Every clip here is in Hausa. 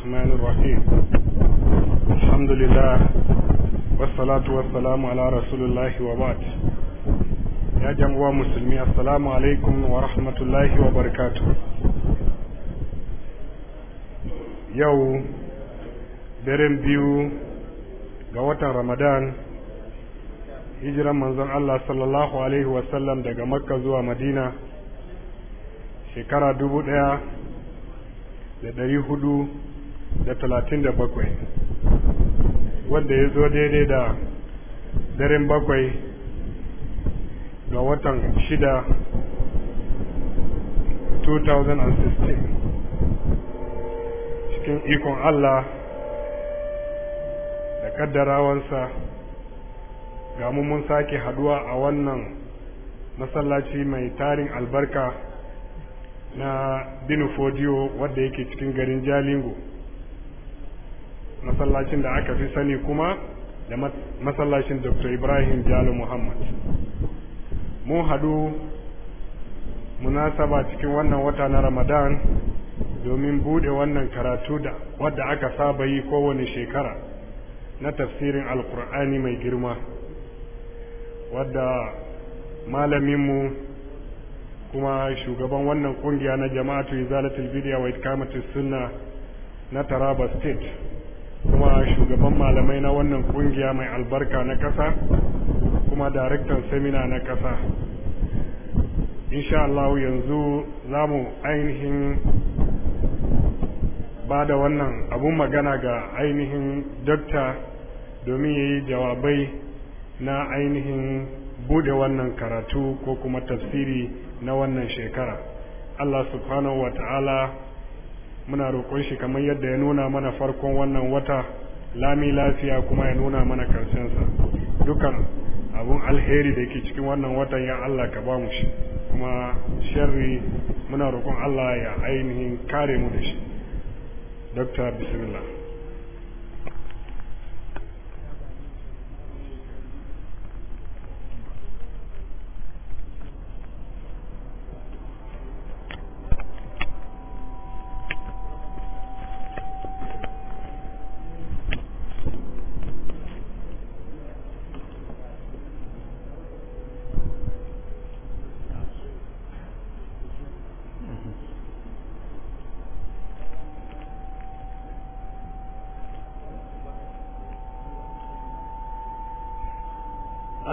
الرحمن الرحيم الحمد لله والصلاة والسلام على رسول الله وبعد يا جماعة مسلمي السلام عليكم ورحمة الله وبركاته يو درم بيو قوة رمضان hijiran manzon الله صلى الله عليه وسلم دقى مكة زوى مدينة شكرا دوبو da ɗari hudu da talatin da bakwai wadda ya zo daidai da daren bakwai ga watan shida 2016 cikin ikon Allah da kaddarawansa ga mun sake haduwa a wannan masallaci mai tarin albarka na binu fodiyo wadda yake cikin garin jalingo masallacin da aka fi sani kuma da masallacin dr ibrahim jalo muhammad mun hadu munasaba cikin wannan wata na ramadan domin bude wannan karatu da wadda aka saba yi kowane shekara na tafsirin alkur'ani mai girma wadda malaminmu kuma shugaban wannan kungiya na jama'atu izalatul bidiya wa ikamatus sunna na taraba state kuma shugaban malamai na wannan kungiya mai albarka na ƙasa kuma daraktan semina na ƙasa. insha Allah yanzu za mu ainihin ba da wannan abun magana ga ainihin dokta domin ya yi jawabai na ainihin bude wannan karatu ko kuma tafsiri na wannan shekara Allah subhanahu wa ta'ala muna roƙon shi kamar yadda ya nuna mana farkon wannan wata lami lafiya kuma ya nuna mana karshensa dukan abun alheri da ke cikin wannan watan ya Allah ka ba mu shi kuma sharri muna roƙon Allah ya ainihin kare mu da shi Dr. Bismillah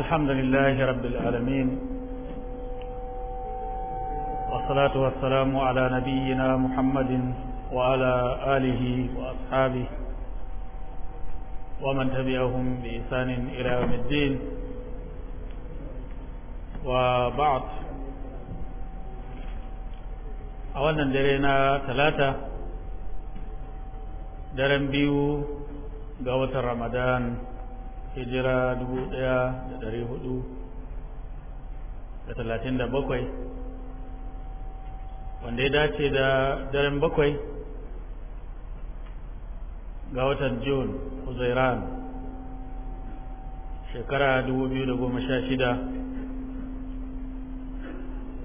الحمد لله رب العالمين والصلاة والسلام على نبينا محمد وعلى آله وأصحابه ومن تبعهم بإحسان إلى يوم الدين وبعد أولا درينا ثلاثة درن بيو قوة رمضان hijira 1437 wanda ya dace da daren bakwai ga watan Jun huzairan shekara goma sha shida,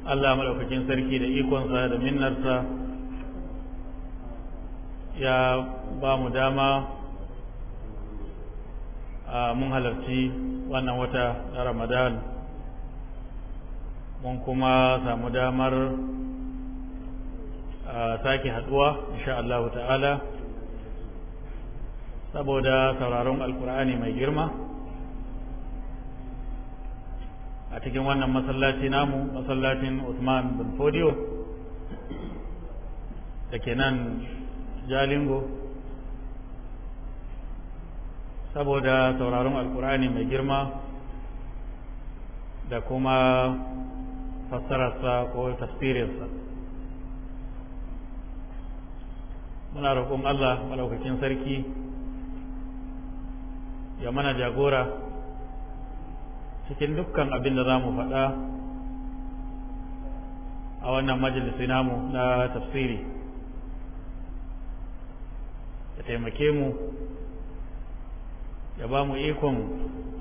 allah maɗaukakin sarki da ikonsa da minnarsa ya ba mu dama Ah, mun halarci wannan wata na ramadan mun kuma samu damar a ah, sake haduwa insha Allah ta'ala saboda sauraron alkur'ani mai girma a cikin wannan masallaci namu masallacin Usman bin Fodio da ke nan Jalingo saboda sauraron alkur'ani mai girma da kuma fassararsa ko tafsirinsa muna roƙon Allah malaukakin sarki ya mana jagora cikin dukkan abin da za mu faɗa a wannan majalisi namu na tafsiri ya taimake mu ya ba mu ikon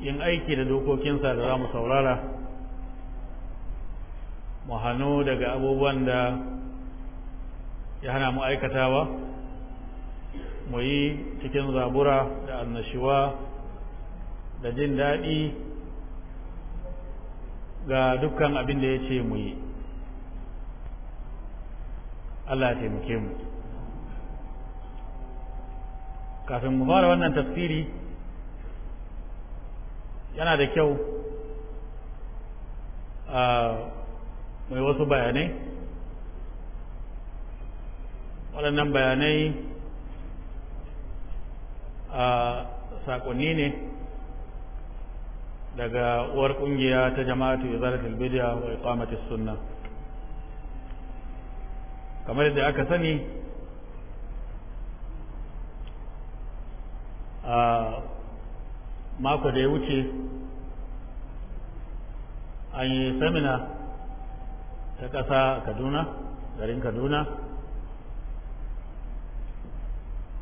yin aiki da dokokinsa da za mu saurara mu hannu daga abubuwan da ya hana mu aikatawa mu yi cikin zabura da annashiwa da jin daɗi ga dukkan abin da ya ce mu yi Allah ya taimake mu kafin mu fara wannan tafsiri yana da kyau a mai wasu bayanai waɗannan bayanai a saƙonni ne daga uwar ƙungiya ta jama'atu zara bid'a wa iqamatis sunna kamar da aka sani a mako da ya wuce an yi samina ta ƙasa kaduna garin kaduna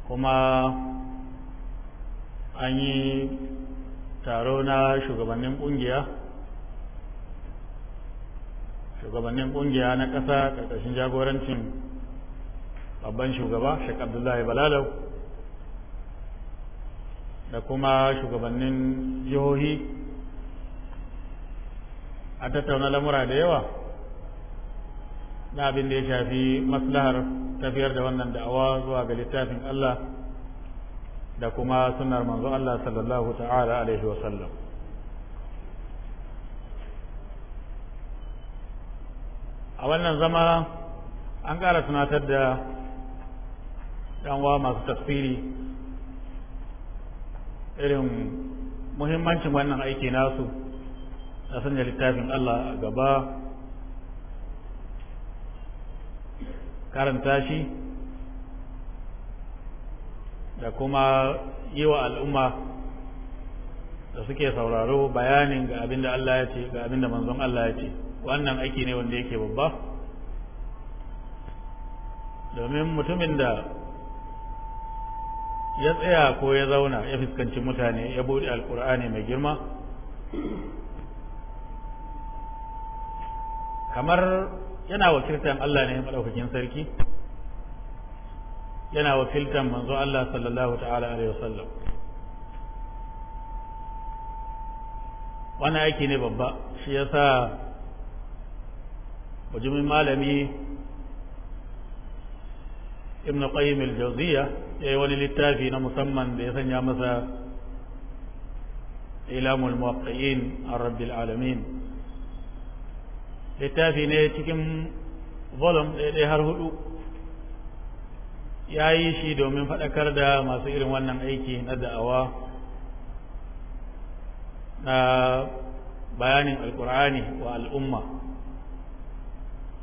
kuma an yi taro na shugabannin ƙungiya shugabannin ƙungiya na ƙasa ƙarƙashin jagorancin babban shugaba shek abdullahi balalau da kuma shugabannin jihohi a tattauna lamura da yawa na abin da ya shafi maslahar tafiyar da wannan da'awa zuwa ga littafin Allah da kuma sunnar manzo Allah sallallahu ta'ala alaihi wa sallam a wannan zama an ƙara tunatar da ɗanwa masu tafsiri irin muhimmancin wannan aiki nasu a sanya littafin Allah a gaba karanta shi da kuma yi wa al'umma da suke sauraro bayanin ga abin da Allah ya ce ga abin da manzon Allah ya ce wannan aiki ne wanda yake babba domin mutumin da ya tsaya ko ya zauna ya fuskanci mutane ya bude alkur'ani mai girma kamar yana wakiltan Allah ne madaukakin sarki yana wakiltan manzo Allah sallallahu ta'ala alaihi wasallam wani aiki ne babba shi yasa mujimin malami ibn qayyim al-jawziyya ya eh, yi wani littafi na musamman da ya sanya masa ilamul muwaqqi'in a rabbil alamin littafi ne cikin volum ɗaya har hudu ya yi shi domin faɗakar da masu irin wannan aiki na da'awa na bayanin alkur'ani wa al'umma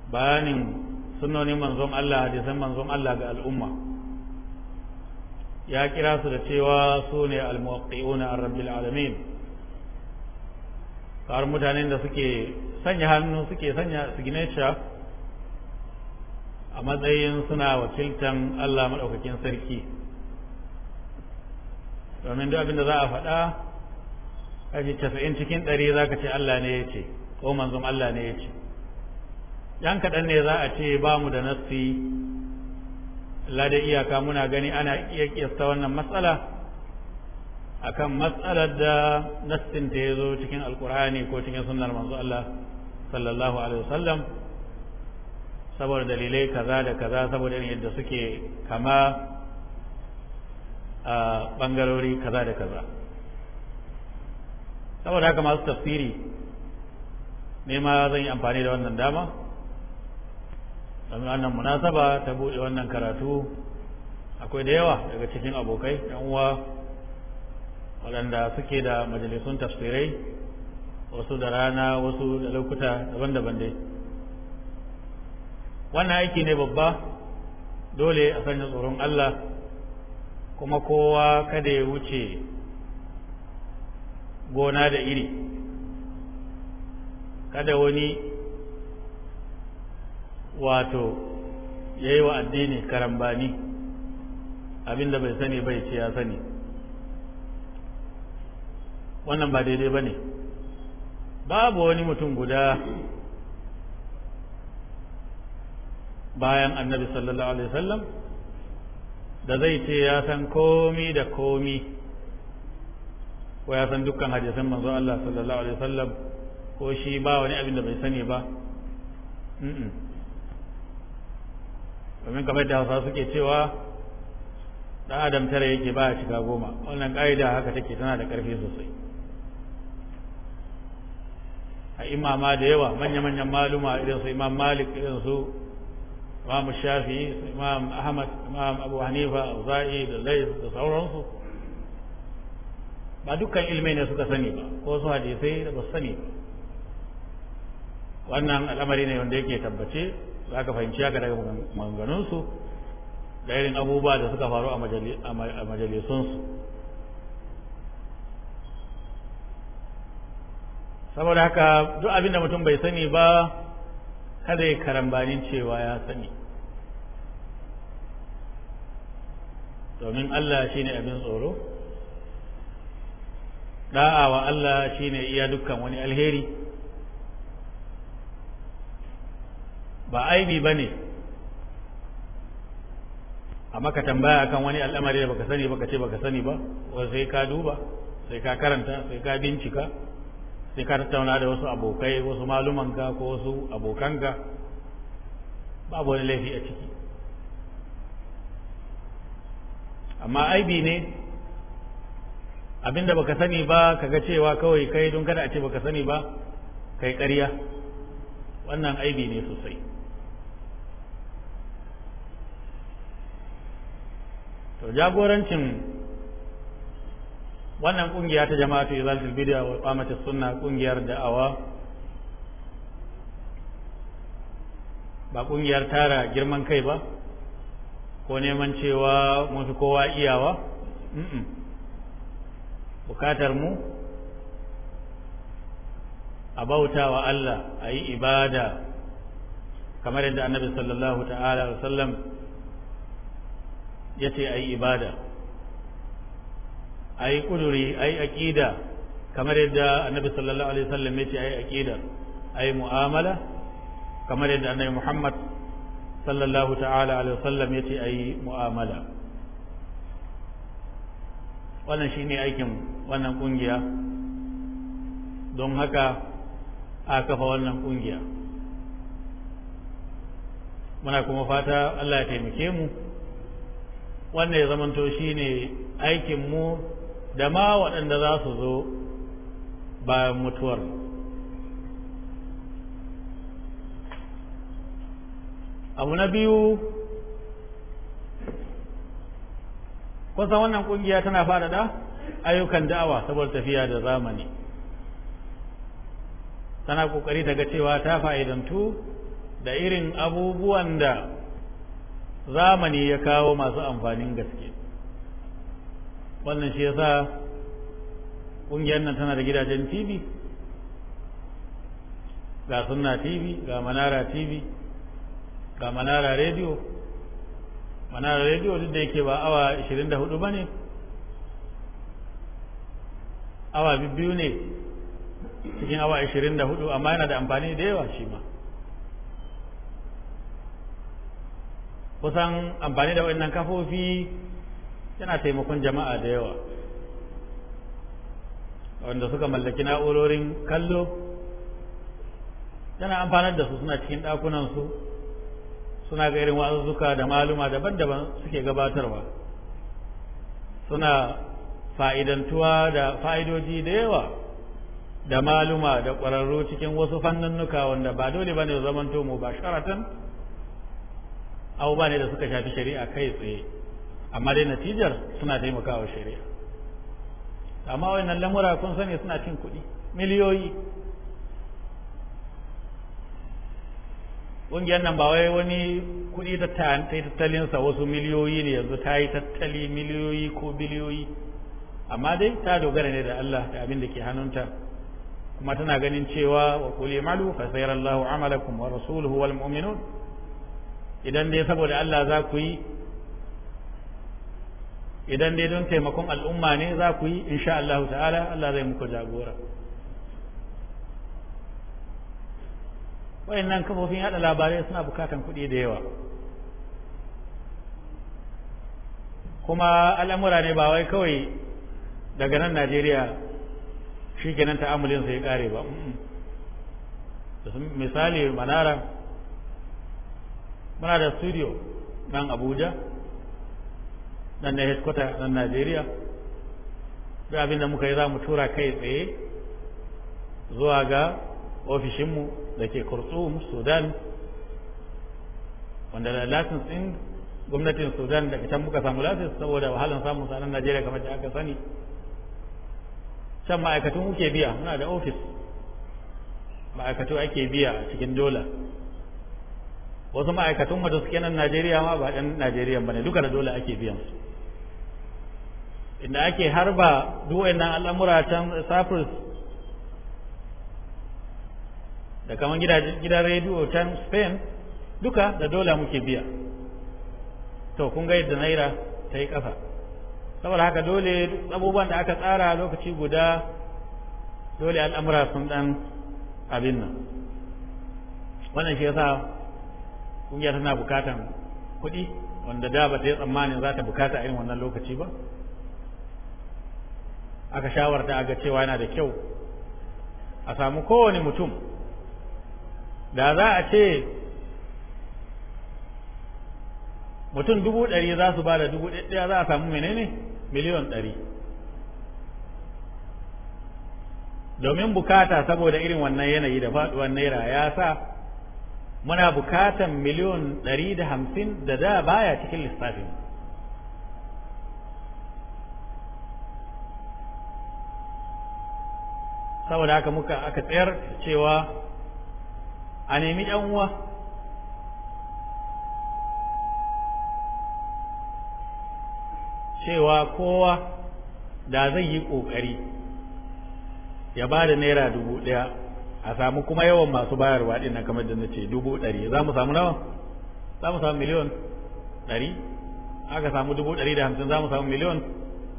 bayanin sunonin manzon Allah hadisan manzon Allah ga al'umma ya kira su da cewa su ne almuwaqqi'una an rabbil alamin kar mutanen da suke sanya hannu suke sanya signature a matsayin suna wakiltan Allah maɗaukakin sarki domin duk abin da za a faɗa kashi casa'in cikin ɗari za ka ce Allah ne ya ce ko manzon Allah ne ya ce ‘yan kaɗan ne za a ce ba mu da nassi lada iyaka muna gani ana iya kiyasta wannan matsala akan matsalar da nassin ta yazo cikin alkur'ani ko cikin sunnar manzo Allah sallallahu alaihi wasallam saboda dalilai kaza da kaza saboda yadda suke kama a bangarori kaza da kaza saboda haka masu tafsiri ne ma zan yi amfani da wannan dama sami wannan munasaba ta buɗe wannan karatu akwai da yawa daga cikin abokai yan uwa waɗanda suke da majalisun tafsirai wasu da rana wasu da lokuta daban-daban dai wannan aiki ne babba dole a sanya tsoron Allah kuma kowa kada ya wuce gona da iri kada wani wato ya yi wa addini karambani abinda bai sani bai ce ya sani wannan ba daidai ba ne babu wani mutum guda bayan annabi sallallahu alaihi wasallam da zai ce ya san komi da komi ko ya san dukkan hadisan manzo Allah sallallahu alaihi wasallam ko shi ba wani abin da bai sani ba domin kamar da hausa suke cewa dan adam tara yake ba a shiga goma wannan ƙa'ida haka take tana da ƙarfi sosai a imama da yawa manya-manyan maluma irin su imam malik irin su imam shafi imam ahmad imam abu hanifa za'i da laif da sauransu ba dukkan ilmai ne suka sani ba ko su hadisai da ba sani ba wannan al'amari ne wanda yake tabbace za ka fahimci haka daga manganunsu da irin abubuwa da suka faru a majalisunsu saboda haka duk abin da mutum bai sani ba kada ya karambanin cewa ya sani domin Allah shi ne abin tsoro da'awa Allah shi ne iya dukkan wani alheri ba aibi ba ne a maka tambaya kan wani al'amari da baka sani baka ce baka sani ba wai sai ka duba sai ka karanta sai ka bincika sai ka tattauna da wasu abokai wasu malumanka ko wasu abokanka babu wani laifi a ciki amma aibi ne abinda baka sani ba kaga cewa kawai kai don kada a ce baka sani ba kai ƙarya wannan aibi ne sosai to jagorancin wannan kungiya ta jama'atu izalatul bid'a wa qamati sunna kungiyar da'awa ba kungiyar tara girman kai ba ko neman cewa mun fi kowa iyawa bukatar mu a bauta wa Allah a yi ibada kamar yadda annabi sallallahu ta'ala wa sallam ya ce a yi ibada a yi ƙuduri a yi aƙida kamar yadda annabi sallallahu alaihi wasallam ya ce a yi aƙida a yi mu'amala kamar yadda annabi muhammad sallallahu ta'ala alaihi wasallam ya ce a yi mu'amala wannan shi ne aikin wannan ƙungiya don haka a kafa wannan ƙungiya muna kuma fata allah ya taimake mu wannan ya zamanto shi ne aikinmu da ma waɗanda za su zo bayan mutuwar abu na biyu kusan wannan ƙungiya tana faɗaɗa ayyukan da'awa saboda tafiya da zamani tana ƙoƙari daga cewa ta fa'idantu da irin abubuwan da zamani ya kawo masu amfanin gaske wannan shi yasa ƙungiyar nan tana da gidajen tv ga sunna tv ga manara tv ga manara rediyo manara rediyo duk da yake ba awa 24 ba ne awa biyu ne cikin awa 24 amma yana da amfani da yawa shi ma kusan amfani da wannan kafofi yana taimakon jama'a da yawa wanda suka mallaki na'urorin kallo yana amfanar da su suna cikin ɗakunansu suna ga irin wa'azuzzuka da maluma daban-daban suke gabatarwa suna fa'idantuwa da fa'idoji da yawa da maluma da ƙwararru cikin wasu fanninnuka wanda ba dole ba ne zamanto mu ba sharatan abubuwa ne da suka shafi shari'a kai tsaye amma dai natijar suna taimakawa shari'a amma wannan lamura kun sani suna cin kuɗi miliyoyi ƙungiyar nan ba wai wani kuɗi ta tattalinsa wasu miliyoyi ne yanzu ta yi tattali miliyoyi ko biliyoyi amma dai ta dogara ne da Allah da abin da ke hannunta kuma tana ganin cewa wa qul malu fa sayarallahu amalakum wa rasuluhu wal mu'minun idan dai saboda Allah za ku yi idan dai don taimakon al'umma ne za ku yi insha Allah ta'ala Allah zai muku jagora wayannan kafofin yada labarai suna bukatan kuɗi da yawa kuma al'amura ne ba wai kawai daga nan Najeriya shi kenan ta'amulin sai ya kare ba misali manara muna da studio nan abuja nan na headquarter nan najeriya da abin da muka yi za mu tura kai tsaye zuwa ga ofishinmu da ke kurtsum sudan wanda da latin din gwamnatin sudan da can muka samu latin saboda wahalan samun sanan najeriya kamar da aka sani can ma'aikatun muke biya muna da ofis ma'aikatu ake biya cikin dola wasu ma'aikatan wata suke nan Najeriya ma ba ɗan Najeriya ba ne duka da dole ake biyan su inda ake harba duk wayannan al'amura can Cyprus da kaman gidan rediyo can Spain duka da dole muke biya to kun ga yadda naira ta yi kafa saboda haka dole abubuwan da aka tsara lokaci guda dole al'amura sun dan abin nan wannan shi ya sa. kungiya tana bukatan kuɗi wanda da ba ta yi tsammanin za ta bukata irin wannan lokaci ba aka shawarta aga cewa yana da kyau a samu kowane mutum da za a ce mutum dubu ɗari za su ba da dubu ɗaya za a samu menene miliyon ɗari domin bukata saboda irin wannan yanayi da faɗuwar naira ya sa muna bukatan miliyon ɗari da hamsin da da baya cikin lissafin saboda haka muka aka tsayar cewa a nemi yan uwa cewa kowa da zai yi ƙoƙari ya ba da naira dubu ɗaya a samu kuma yawan masu bayarwa din nan kamar da na ce dubu ɗari za mu samu nawa za mu samu miliyon ɗari aka samu dubu ɗari da hamsin za mu samu miliyon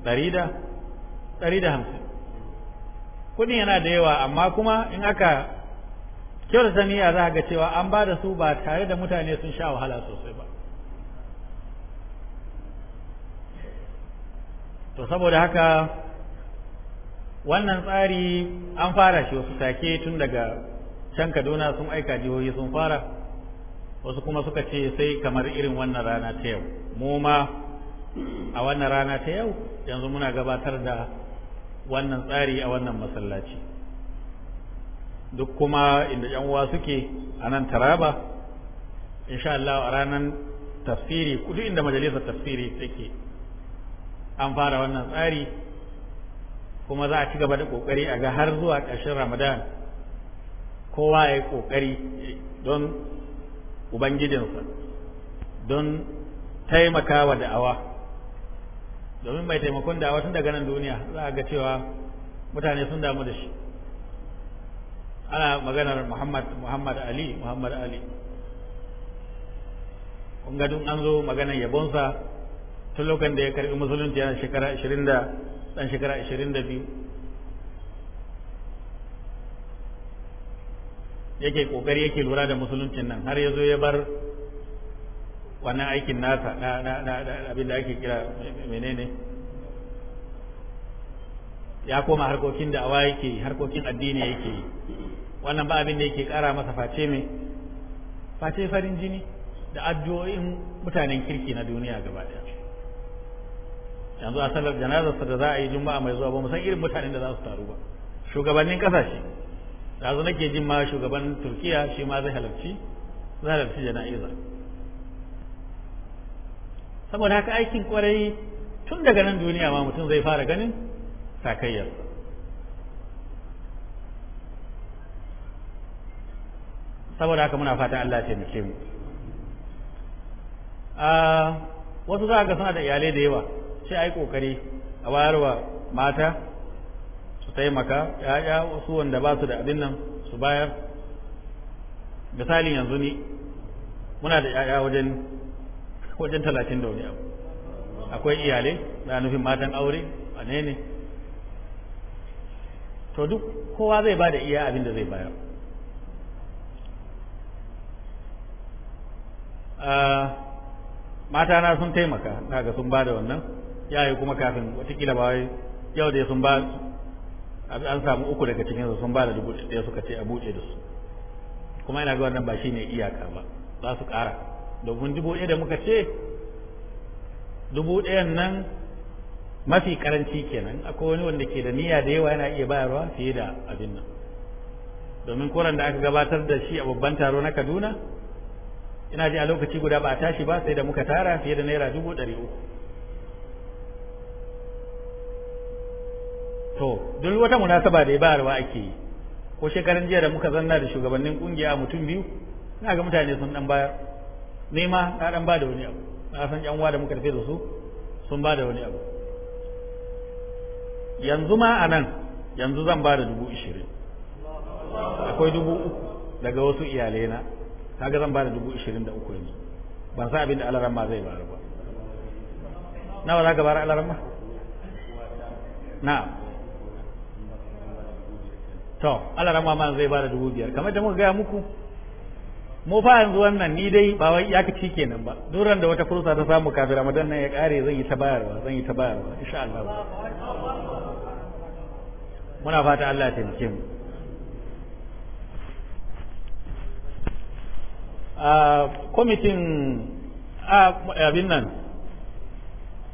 ɗari da ɗari da hamsin kuɗin yana da yawa amma kuma in aka kyautata niyya za ga cewa an ba da su ba tare da mutane sun sha wahala sosai ba to saboda haka wannan tsari an fara shi wasu take tun daga can kaduna sun aika jihohi sun fara wasu kuma suka ce sai kamar irin wannan rana ta yau mu ma a wannan rana ta yau yanzu muna gabatar da wannan tsari a wannan masallaci duk kuma inda yan uwa suke a nan taraba insha Allah a ranar tafsiri kudu inda majalisar tafsiri take an fara wannan tsari kuma za a ci gaba da kokari a ga har zuwa ƙarshen ramadan kowa ya yi kokari don ubangijinsa don taimakawa da'awa domin mai taimakon da'awa tun daga nan duniya za a ga cewa mutane sun damu da shi ana maganar muhammad muhammad ali muhammad ali kun ga duk an zo maganar yabonsa tun lokacin da ya karbi musulunci yana shekara ashirin dan shekara 22 yake kokari yake lura da musuluncin nan har ya zo ya bar wannan aikin nasa na na na abin da ake kira menene ya koma harkokin da awa yake harkokin addini yake wannan ba abin da yake kara masa face mai face farin jini da addu'o'in mutanen kirki na duniya gaba daya yanzu a sallar janazarsa da za a yi juma'a mai zuwa ba mu san irin mutanen da za su taru ba shugabannin kasashe yanzu nake jin ma shugaban turkiya shi ma zai halarci zai halarci jana'iza saboda haka aikin kwarai tun daga nan duniya ma mutum zai fara ganin sakayyar saboda haka muna fatan Allah ya taimake mu a ah, wasu za ga suna da iyalai da yawa sai a yi ƙoƙari a bayarwa mata su taimaka ya'ya wasu wanda ba su da abin nan su bayar misalin yanzu ni muna da ya'ya wajen wajen talatin da wani abu akwai iyalai da nufin matan aure a ne ne to duk kowa zai ba da iya abin da zai bayar ah, mata na sun taimaka daga sun ba da wannan yayi kuma kafin watakila ba wai yau da sun ba an samu uku daga cikin su sun ba da dubu ɗaya suka ce a buɗe da su kuma ina ga wannan ba shine iyaka ba za su ƙara domin dubu ɗaya da muka ce dubu ɗayan nan mafi karanci kenan akwai wani wanda ke da niyya da yawa yana iya bayarwa fiye da abin nan domin koran da aka gabatar da shi a babban taro na Kaduna ina ji a lokaci guda ba a tashi ba sai da muka tara fiye da naira dubu ɗari uku to duk wata munasaba da ya bayarwa ake yi ko shekaran jiya da muka zanna da shugabannin kungiya mutum biyu na ga mutane sun dan bayar ma na dan ba da wani abu na san yan uwa da muka tafi da su sun ba da wani abu yanzu ma a nan yanzu zan ba da dubu ishirin akwai dubu uku daga wasu iyalai na kaga zan ba da dubu ishirin da uku yanzu ban san abin da alaran ma zai bayar ba nawa za ka bayar alaran ma na'am to Allah rama man zai bada dubu biyar kamar da muka gaya muku mu fa yanzu wannan ni dai ba wai ya kaci kenan ba duran da wata fursa ta samu kafin Ramadan nan ya kare zan yi ta bayarwa zan yi ta bayarwa insha Allah muna fata Allah ya taimake mu a a abin nan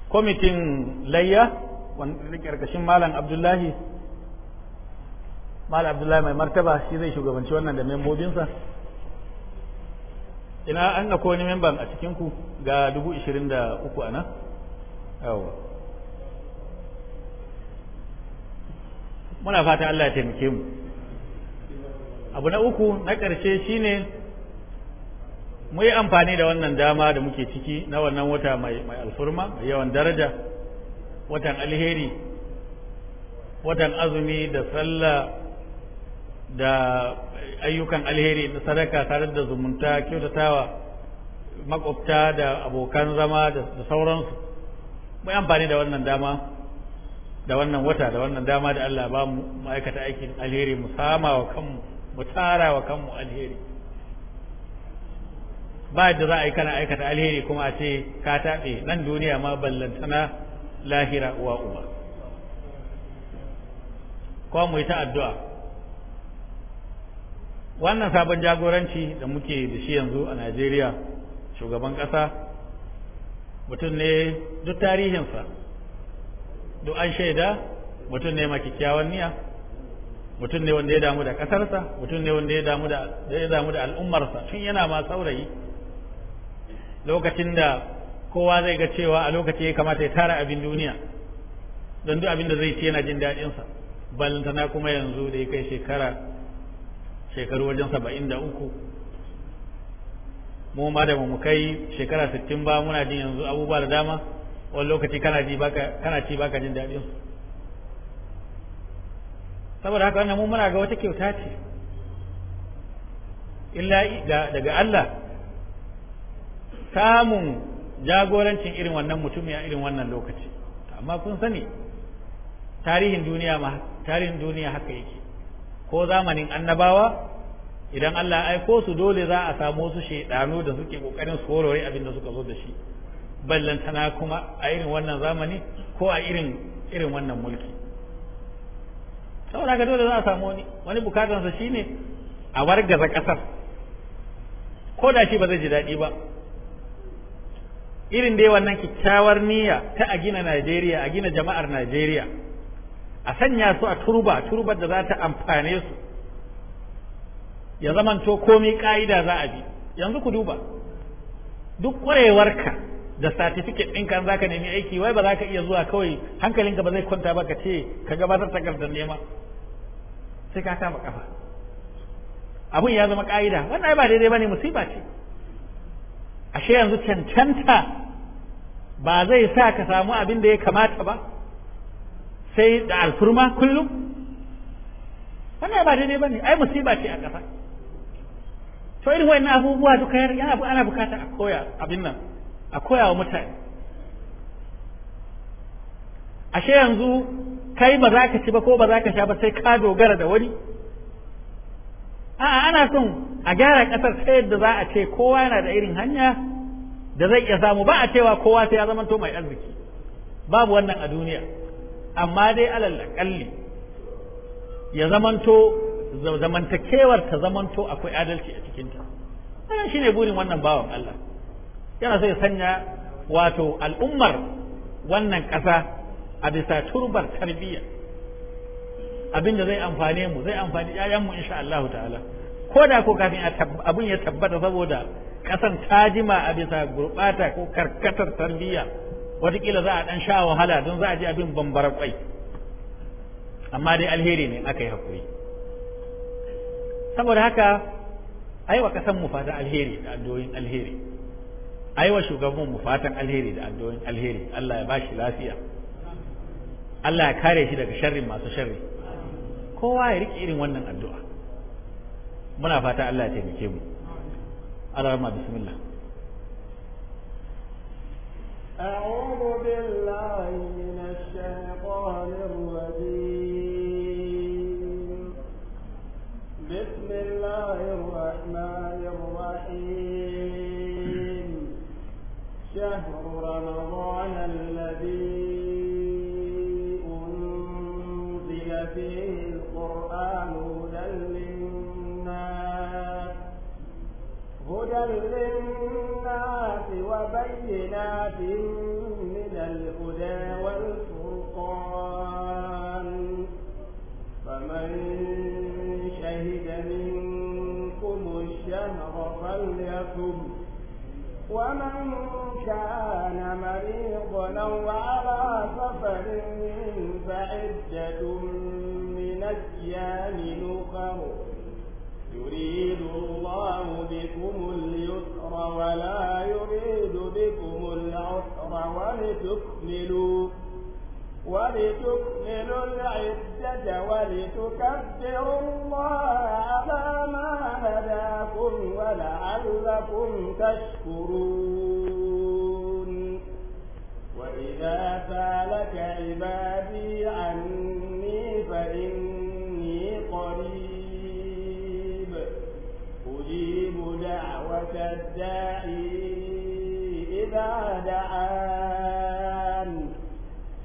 kwamitin layya wanda karkashin malam Abdullahi mal abdullahi mai martaba shi zai shugabanci wannan da membobinsa ina an ko wani memban a cikinku ga dubu ishirin da uku a nan muna fata Allah ya taimake mu abu na uku na ƙarshe shi ne mu yi amfani da wannan dama da muke ciki na wannan wata mai alfurma mai yawan daraja watan alheri watan azumi da sallah da ayyukan alheri na sadaka tare da zumunta kyautatawa makwabta da abokan zama da sauransu mai amfani da wannan dama da wannan wata da wannan dama da Allah ba mu ma'aikata aikin alheri mu sama wa kanmu mu tara wa kanmu alheri ba da za a yi kana aikata alheri kuma a ce ka taɓe nan duniya ma ballantana lahira uwa uwa. ko mu yi ta addu'a wannan sabon jagoranci da muke da shi yanzu a najeriya shugaban ƙasa mutum ne duk tarihinsa duk an shaida mutum ne kyakkyawan niyya mutum ne wanda ya damu da ƙasarsa mutum ne wanda ya damu da al'ummarsa tun yana ma saurayi lokacin da kowa zai ga cewa a lokaci ya kamata ya tara abin duniya don duk abin da zai ci yana jin daɗinsa ballantana kuma yanzu da ya kai shekara shekaru wajen saba'in da uku mu ma da mu kai shekara sittin ba muna jin yanzu abubuwa da dama wani lokaci kana ji baka kana ci baka jin daɗi saboda haka wannan mu muna ga wata kyauta ce illa daga Allah samun jagorancin irin wannan mutumi a irin wannan lokaci amma kun sani tarihin duniya ma tarihin duniya haka yake ko zamanin annabawa idan Allah ya aiko su dole za a samu su shedano da suke kokarin su horore abin da suka zo da shi ballantana kuma a irin wannan zamani ko a irin irin wannan mulki saboda ga dole za a samu wani wani bukatansa shine a wargaza kasar ko da shi ba zai ji daɗi ba irin dai wannan kyakkyawar niyya ta a gina Najeriya a gina jama'ar Najeriya a sanya su a turba turbar da za ta amfane su ya zamanto komai ƙa'ida za a bi yanzu ku duba duk ƙwarewarka da certificate ɗinka za ka nemi aiki wai ba za ka iya zuwa kawai hankalinka ba zai kwanta ba ka ce ka gabatar takardar nema sai ka ta kafa abun ya zama ka'ida wannan ba daidai bane musiba ce ashe yanzu cancanta ba zai sa ka samu abin da ya kamata ba sai da alfurma kullum wannan ba daidai bane ai musiba ce a ƙasa to irin wannan abubuwa duka yana ana bukata a koya abin nan a koya wa mutane ashe yanzu kai ba za ka ci ba ko ba za ka sha ba sai ka dogara da wani a'a ana son a gyara ƙasar ta yadda za a ce kowa yana da irin hanya da zai iya samu ba a cewa kowa sai ya zama to mai arziki babu wannan a duniya amma dai alal kalli ya zamanto zamantakewar ta zamanto akwai adalci a cikinta wannan shine burin wannan bawan Allah yana sai sanya wato al'ummar wannan ƙasa a bisa turbar tarbiyya abin zai amfane mu zai amfani ƴaƴanmu insha Allah ta'ala ko da ko kafin abin ya tabbata saboda ƙasan ta a bisa gurɓata ko karkatar tarbiyya kila za a ɗan sha wahala don za a ji abin bambara kwai amma dai alheri ne aka yi haƙuri saboda haka ai wa ƙasan mu fatan alheri da addu'o'in alheri ai wa shugaban mu fatan alheri da addu'o'in alheri Allah ya bashi lafiya Allah ya kare shi daga sharrin masu sharri kowa ya riƙe irin wannan addu'a muna fata Allah ya taimake mu Allah bismillah أعوذ بالله من الشيطان الرجيم بسم الله الرحمن الرحيم شهر رمضان الذي أنزل فيه هدى للناس وبينات من الهدى والفرقان فمن شهد منكم الشهر فليكن ومن كان مريضا او على سفر فعجة من ايام نخر يريد الله بكم اليسر ولا يريد بكم العسر ولتكملوا ولتكملوا العدة ولتكبروا الله على ما هداكم ولعلكم تشكرون وإذا سالك عبادي عني الدائي إذا دعان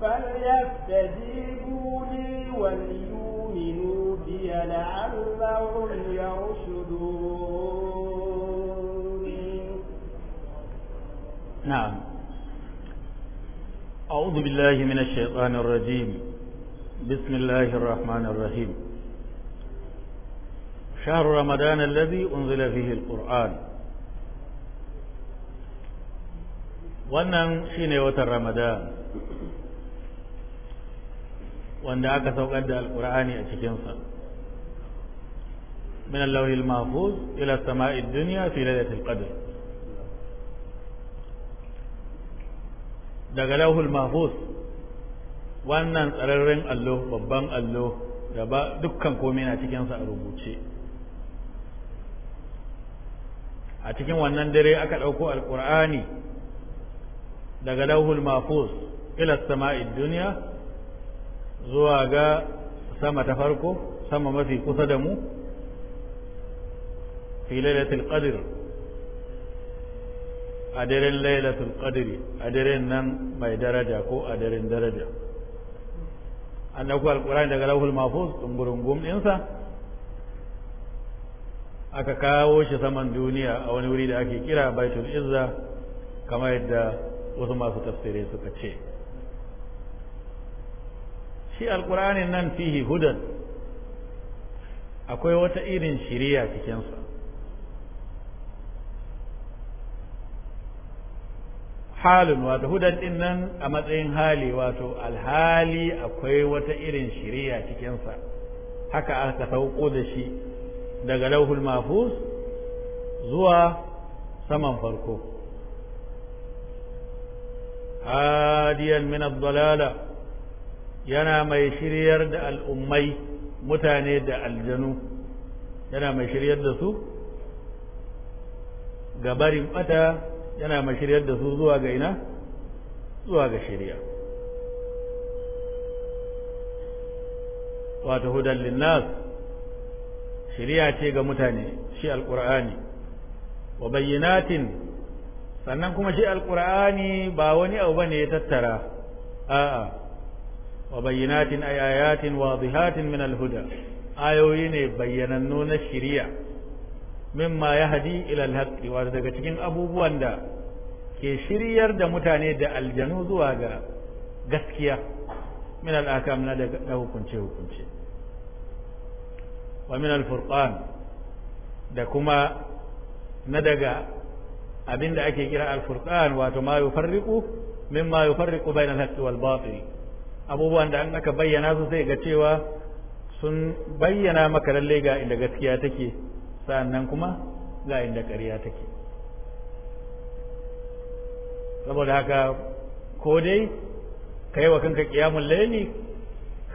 فليستجيبوا لي وليؤمنوا بي لعلهم يرشدون نعم أعوذ بالله من الشيطان الرجيم بسم الله الرحمن الرحيم شهر رمضان الذي أنزل فيه القرآن wannan shine watan ramadan wanda aka saukar da alkur'ani a cikinsa min allahi al ila sama'i dunya fi lailatul daga lauhul mahfuz wannan tsararren allo babban allo da ba dukkan komai na cikinsa a rubuce a cikin wannan dare aka ɗauko alkur'ani daga lauhul mafus ila sama'i duniya zuwa ga sama ta farko sama mafi kusa da mu fi lailatul qadr a daren lailatul qadri a daren nan mai daraja ko a daren daraja Annaku dauko daga lauhul mafus dungurungum ɗinsa aka kawo shi saman duniya a wani wuri da ake kira baitul izza kamar yadda wasu masu tafsirai suka ce shi alƙur'anin nan fihi hudan akwai wata irin shiriya cikinsa halin wato hudan din nan a matsayin hali wato alhali akwai wata irin shiriya cikinsa haka aka sauko da shi daga lauhul mafus zuwa saman farko hadiyan min ad-dalala yana mai shiryar da al'ummai mutane da aljanu yana mai shiryar da su ga barin bata yana mai shiryar da su zuwa ga ina zuwa ga shirya wato hudan Nas, shirya ce ga mutane shi al alqur'ani wa bayyinatin sannan kuma shi alkur'ani ba wani abu ne ya tattara a'a wa bayyinatin ay ayatin wadihatin min alhuda ayoyi ne bayyanannu na shiriya mimma yahdi ila alhaqq wa daga cikin abubuwan da ke shiryar da mutane da aljanu zuwa ga gaskiya min al'akam na da hukunce hukunce wa min da kuma na daga Abin da ake kira al wato ma yufarriqu mimma yufarriqu bayna al-haqqi wal batil abubuwan da an aka bayyana su sai ga cewa sun bayyana maka lalle ga inda gaskiya take sa'annan kuma ga inda ƙarya take saboda haka ko dai ka yi wa kanka ƙiyamun laili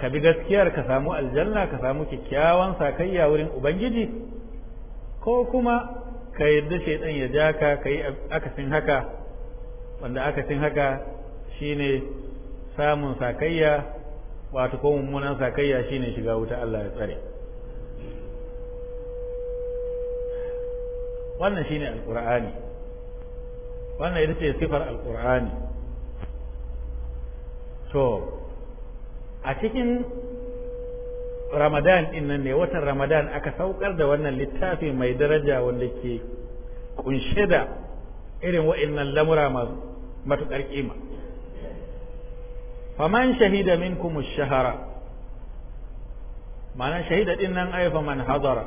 ka bi gaskiyar ka samu aljanna ka samu kyakkyawan sakayya wurin ubangiji ko kuma ka yarda shaidan ya ja ka ka yi akasin haka wanda akasin haka shine samun sakayya wato ko mummunan sakayya shine shiga wuta Allah ya tsare wannan shine alqur'ani wannan ita ce sifar alqur'ani to a cikin ramadan din nan ne watan ramadan aka saukar da wannan littafi mai daraja wanda ke kunshe da irin wa'annan lamura masu matuƙar kima faman shahida minkum shahara ma'ana shahida din nan ai faman hazara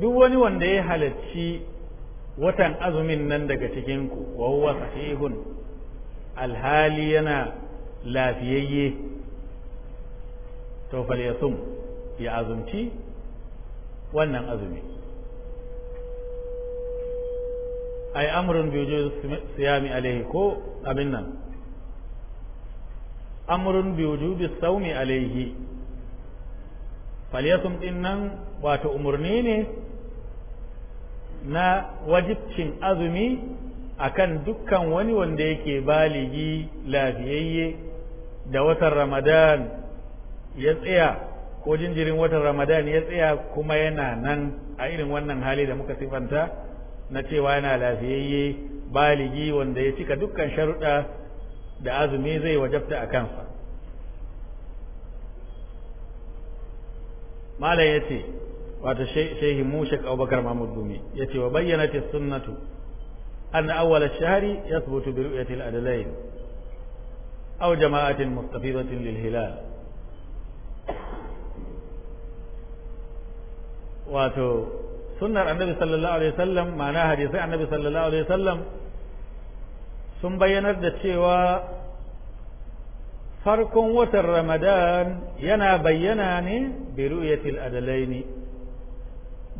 duk wani wanda ya halarci watan azumin nan daga cikin ku wa huwa sahihun alhali yana lafiyayye to falyasum ya azumci wannan azumi ai amrun bi wujubi siyami alaihi ko abin nan amrun bi wujubi sawmi alaihi falyasum din nan wato umurni ne na wajibcin azumi akan dukkan wani wanda yake baligi lafiyayye da watan ramadan ya tsaya ko jinjirin watan ramadan ya tsaya kuma yana nan a irin wannan hali da muka sifanta na cewa yana lafiyayye baligi wanda ya cika dukkan sharuɗa da azumi zai wajabta a kansa malam ya ce wata shehi mushe abubakar mahmud dumi ya ce wa bayyana sunnatu أن أول bi ruyatil برؤية au jama'atin جماعة lil hilal wato sunnar annabi sallallahu alaihi wasallam ma'ana hadisai annabi sallallahu alaihi wasallam sun bayyanar da cewa farkon watan ramadan yana bayyana ne bi ru'yatil adalaini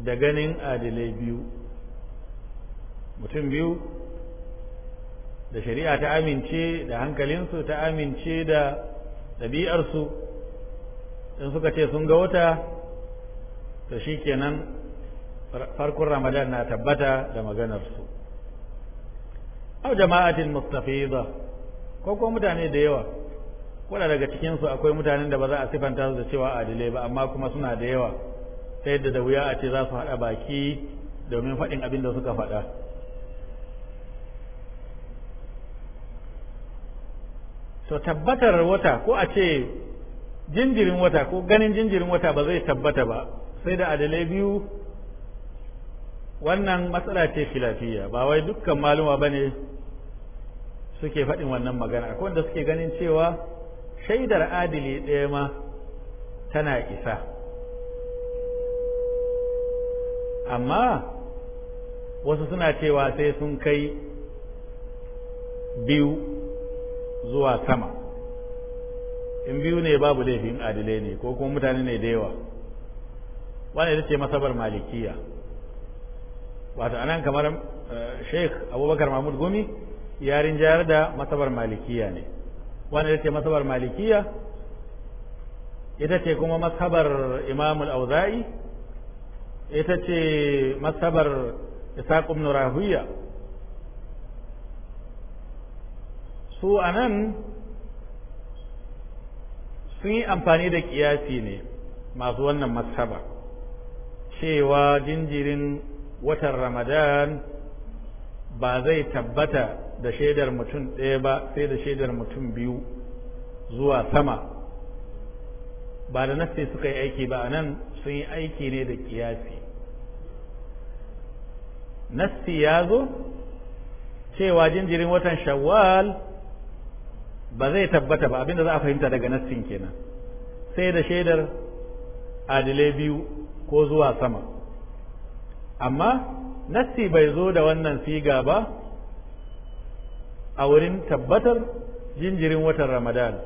da ganin adalai biyu mutum biyu da shari'a ta amince da hankalinsu ta amince da ɗabi'arsu in suka ce sun ga wata to kenan farkon ramadan na tabbata da maganar su aw jama'atin mustafida ko ko mutane da yawa koda daga cikin su akwai mutanen da ba za a sifanta su da cewa adilai ba amma kuma suna da yawa ta yadda da wuya a ce za su haɗa baki domin faɗin abin da suka faɗa to tabbatar wata ko a ce jinjirin wata ko ganin jinjirin wata ba zai tabbata ba sai da adalai biyu wannan matsala ce filafiya ba wai dukkan maluma ne suke faɗin wannan magana akwai wanda suke ganin cewa shaidar adili ɗaya ma tana isa amma wasu suna cewa sai sun kai biyu zuwa sama in biyu ne babu laifin adilai ne ko kuma mutane ne da yawa wannan ita ce masabar malikiya wato anan kamar eh, sheikh abubakar mahmud gumi ya rinjayar da masabar malikiya ne wannan ita ce masabar malikiya ita ce kuma masabar imamul auza'i ita ce masabar isaq ibn rahuya su anan sun yi amfani da kiyasi ne masu wannan masabar cewa jinjirin watan ramadan ba zai tabbata da shaidar mutum ɗaya ba sai da shaidar mutum biyu zuwa sama ba da nafsi suka yi aiki ba a nan sun yi aiki ne da kiyasi nassi ya zo cewa jinjirin watan shawwal ba zai tabbata ba abinda za a fahimta daga nassin kenan sai da shaidar adilai biyu ko zuwa sama amma nassi bai zo da wannan siga ba a wurin tabbatar jinjirin watan ramadan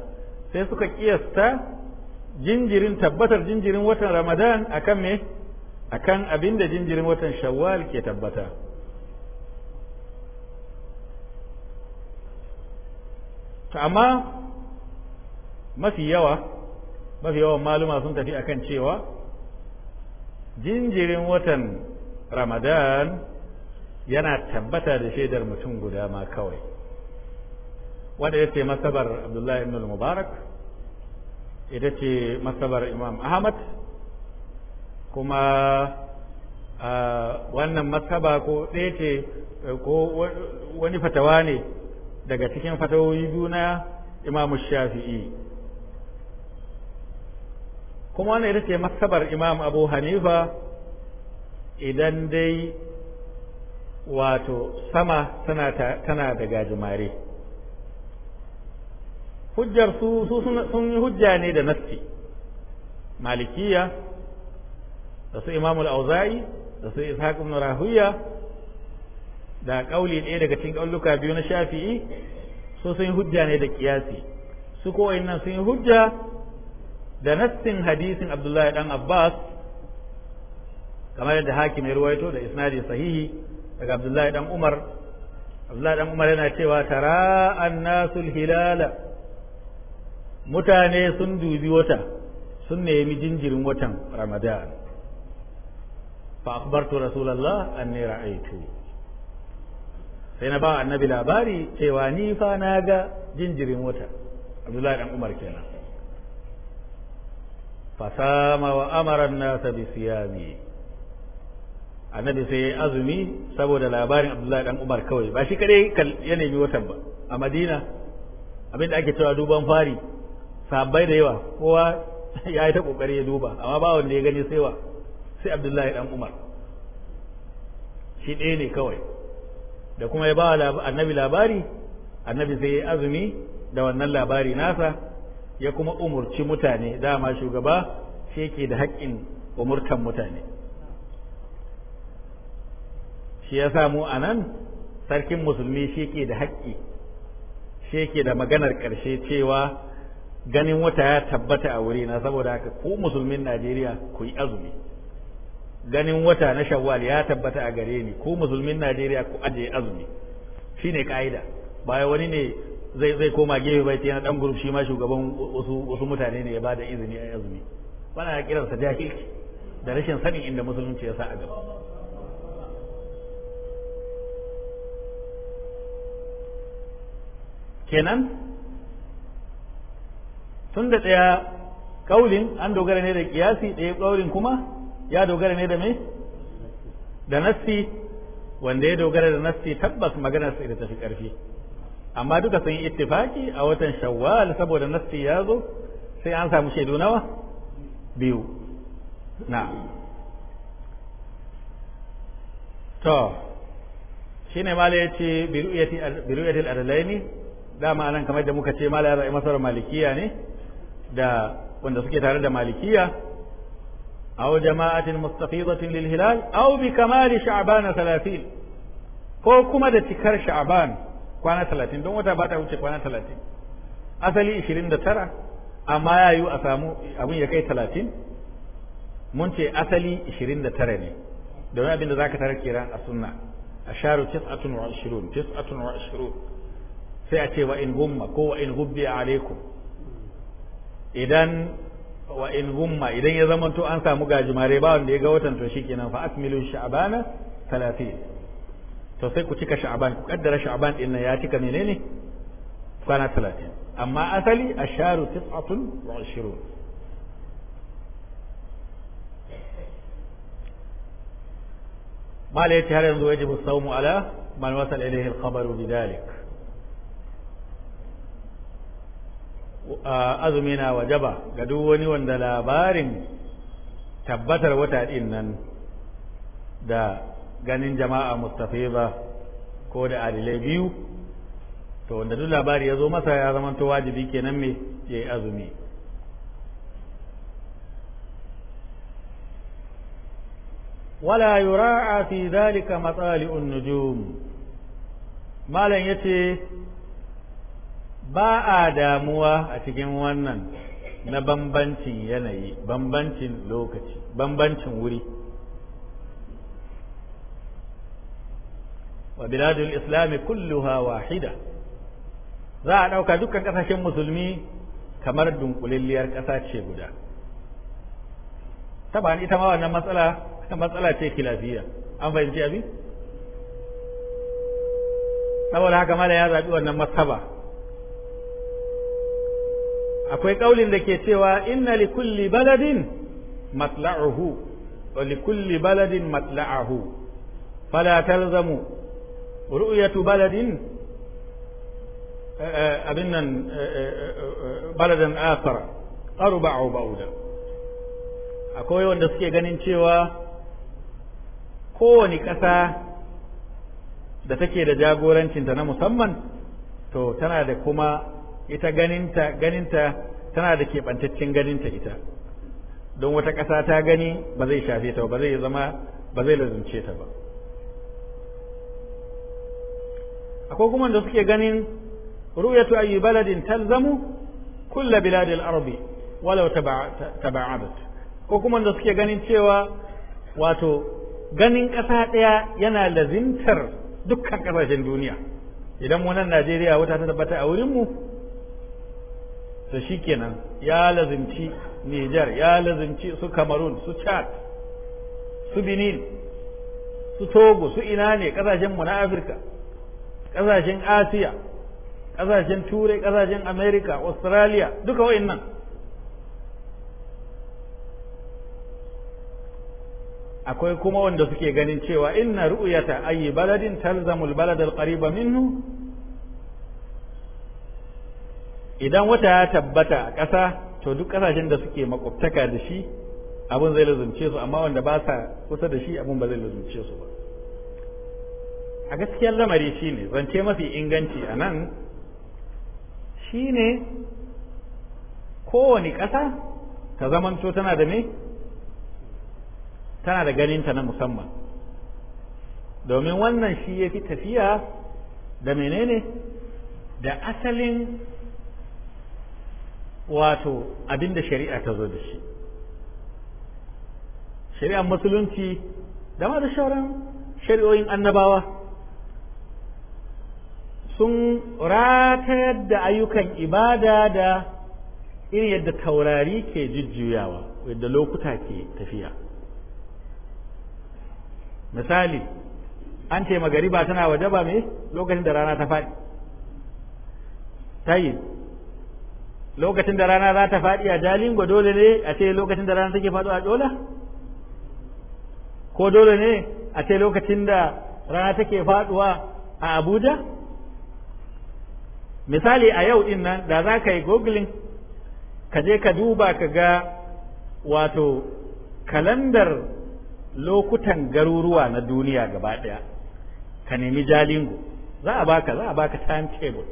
sai suka kiyasta jinjirin tabbatar jinjirin watan ramadan akan me akan abin da jinjirin watan shawwal ke tabbata amma mafi yawa mafi yawan maluma sun tafi akan cewa jinjirin watan ramadan yana tabbata da shaidar mutum guda ma kawai wanda ya ce masabar abdullahi ibn mubarak ita ce masabar imam ahmad kuma wannan masaba ko ɗaya ce ko wani fatawa ne daga cikin fatawoyi biyu na imam shafi'i kuma wannan ita ce maktabar imam abu hanifa idan dai wato sama tana da gajimare hujjar su sun yi hujja ne da nasti malikiya da su imamul auza'i da su ishaq ibn rahuya da ƙauli ɗaya daga cikin ƙauluka biyu na shafi'i su sun yi hujja ne da kiyasi su ko nan sun yi hujja da nassin hadisin Abdullahi dan Abbas kamar yadda hakim ya ruwaito da isnadi sahihi daga Abdullahi dan Umar Abdullahi dan Umar yana cewa tara annasul hilala mutane sun dubi wata sun nemi jinjirin watan Ramadan fa akhbartu rasulullah anni ra'aytu sai na ba annabi labari cewa ni fa na ga jinjirin wata Abdullahi dan Umar kenan fasama wa amara nasa bi siyami annabi sai ya azumi saboda labarin abdullahi dan umar kawai ba shi kadai ya nemi watan ba a madina abinda ake cewa duban fari sabbai da yawa kowa ya yi ta kokari ya duba amma ba wanda ya gani sai sai abdullahi dan umar shi ɗaya ne kawai da kuma ya ba annabi labari annabi sai ya azumi da wannan labari nasa ya kuma umurci mutane dama shugaba shi yake da haƙƙin umurtan mutane shi ya samu a nan sarkin musulmi shi yake da haƙƙi shi yake da maganar ƙarshe cewa ganin wata ya tabbata a wuri na saboda haka ku musulmin Najeriya ku yi azumi ganin wata na shawwal ya tabbata a gare ni ko musulmin Najeriya ku ajiye azumi shine kaida ba wani ne zai zai koma gefe bai ta yana dan group shi ma shugaban wasu wasu mutane ne ya ba da izini a azumi wannan ya kiransa jahilci da rashin sanin inda musulunci ya sa a gaba kenan tun da ɗaya kaulin an dogara ne da kiyasi ɗaya kaulin kuma ya dogara ne da me da nassi wanda ya dogara da nassi tabbas maganar sai da tafi ƙarfi amma duka sun yi ittifaki a watan shawwal saboda nasti ya zo sai an samu shaidu nawa biyu na to shi ne mala ya ce biru'yatil adalaini dama nan kamar da muka ce mala ya zaɓi masarar malikiya ne da wanda suke tare da malikiya أو جماعة مستفيضة للهلال أو بكمال شعبان ثلاثين ko kuma da cikar kwana talatin don wata ba ta wuce kwana talatin asali ishirin da tara amma ya yiwu a samu abin ya kai talatin mun ce asali ishirin da tara ne domin abin da za ka tarar kira a sunna a sharu tis'atun wa ashirun tis'atun wa ashirun sai a ce wa in humma ko wa in hubbi alaikum idan wa in humma idan ya to an samu gajimare ba wanda ya ga watan to shikenan fa akmilu sha'bana 30 to sai ku cika sha'ban ku kaddara sha'ban din nan ya cika menene kwana 30 amma asali asharu tis'atun wa ashirun mala yace har yanzu wajibu sawmu ala man wasal ilayhi al-khabaru bidhalik azumina wajaba ga duk wani wanda labarin tabbatar wata din nan da ganin jama'a ba ko da adilai biyu to wanda duk labari ya zo masa ya zama to wajibi kenan me ya azumi wala yura'a fi zalika matsali'un nujum malam yace ba a damuwa a cikin wannan na bambancin yanayi bambancin lokaci bambancin wuri wa biladul islam kulluha wahida za a dauka dukkan kasashen musulmi kamar dunkulilliyar kasa ce guda taban ita ma wannan matsala matsala ce kilafiya an fahimci abin saboda haka mala ya zabi wannan masaba akwai kaulin da ke cewa inna li kulli baladin matla'uhu wa li kulli baladin matla'ahu fala talzamu ru'yatu baladin abin nan baladan akhar arba'u bauda akwai wanda suke ganin cewa kowane ƙasa da take da jagorancinta na musamman to tana da kuma ita ganinta ganinta tana da keɓantaccen ganinta ita don wata ƙasa ta gani ba zai shafe ta ba zai zama ba zai lazumce ta ba akwai kuma da suke ganin ru'yatu ayi baladin talzamu kulla biladil ardi walau taba'abat ko kuma da suke ganin cewa wato ganin ƙasa ɗaya yana lazimtar dukkan ƙasashen duniya idan mu nan Najeriya wata ta tabbata a wurin mu to shikenan ya lazimci Niger ya lazimci su Cameroon su Chad su Benin su Togo su ina ne ƙasashen mu na Afirka ƙasashen asiya ƙasashen turai ƙasashen america australia duka wa'annan akwai kuma wanda suke ganin cewa inna ru'yata ayi baladin talzamul balad alqariba minhu idan wata ya tabbata a ƙasa to duk ƙasashen da suke makwabtaka da shi abin zai lazumce su amma wanda ba sa kusa da shi abin ba zai lazumce su ba a gaskiyar lamari shine zance mafi inganci a nan shine kowane ƙasa ta zamanto tana da me tana da ganinta na musamman domin wannan shi ya fi tafiya da menene da asalin wato abinda shari'a ta zo da shi shari'ar musulunci da ma da shawarar shari'o'in annabawa sun ratayar da ayyukan ibada da irin yadda taurari ke jujjuyawa yadda lokuta ke tafiya misali an ce magariba tana waje ba me lokacin da rana ta faɗi tayi lokacin da rana za ta faɗi a jalingo dole ne a ce lokacin da rana take faɗo a dola ko dole ne a ce lokacin da rana take faɗuwa a abuja misali a yau din nan da za ka yi googling ka je ka duba ka ga wato kalandar lokutan garuruwa na duniya gaba ɗaya ka nemi jalingo za a baka za a baka time table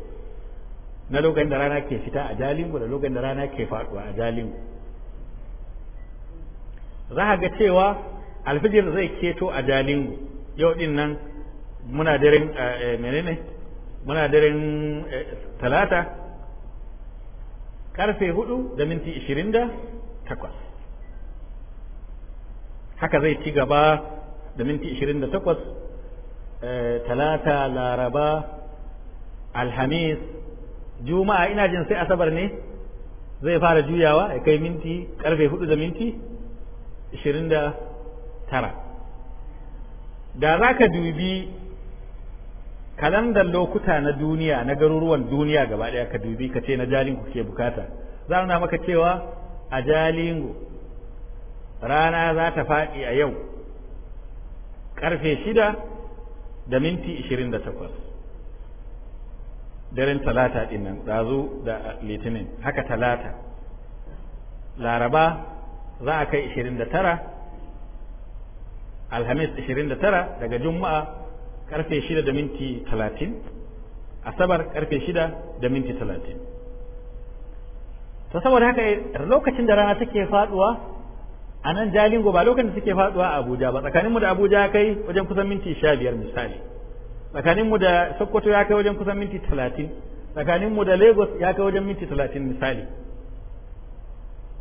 na lokacin da rana ke fita a jalingo da lokacin da rana ke faɗuwa a jalingo za ga cewa alfijir zai keto a jalingo yau din nan muna daren eh, eh, menene muna daren eh, talata karfe hudu da minti ishirin da takwas haka zai ci gaba da minti ishirin da takwas eh, talata laraba alhamis juma'a ina jin sai asabar ne zai fara juyawa ya kai minti karfe hudu da minti ishirin da tara da za ka dubi kalandar lokuta na duniya na garuruwan duniya gaba ɗaya ka dubi ka ce na jalingo ke bukata za na maka cewa a jalingo rana za ta faɗi a yau ƙarfe shida da minti ishirin da takwas daren talata ɗin nan ɗazu da litinin haka talata laraba za a kai ishirin da tara alhamis ishirin da tara daga juma'a karfe shida da minti talatin asabar karfe shida da minti talatin to saboda haka lokacin da rana take faduwa a nan jalingo ba lokacin da suke faduwa a abuja ba tsakaninmu da abuja ya kai wajen kusan minti sha biyar misali tsakaninmu da sokoto ya kai wajen kusan minti talatin tsakaninmu da lagos ya kai wajen minti talatin misali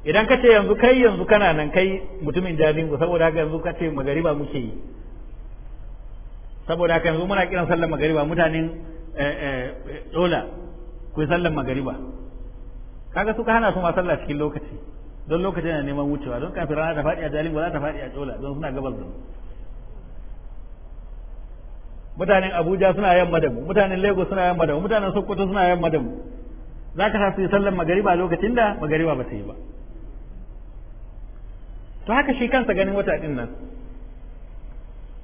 idan ka ce yanzu kai yanzu kana nan kai mutumin jalingo saboda haka yanzu ka ce magariba muke yi saboda haka yanzu muna kiran sallar magariba mutanen dola eh, eh, ku sallar magariba kaga suka hana su ma sallah cikin lokaci don lokaci yana neman wucewa don kafin rana ta faɗi a jalingo za ta faɗi a dola don suna gabas da mu mutanen abuja suna yamma da mu mutanen lagos suna yamma da mu mutanen sokoto suna yamma da mu za ka sa su yi sallar magariba lokacin da magariba ba ta yi ba to haka shi kansa ganin wata din nan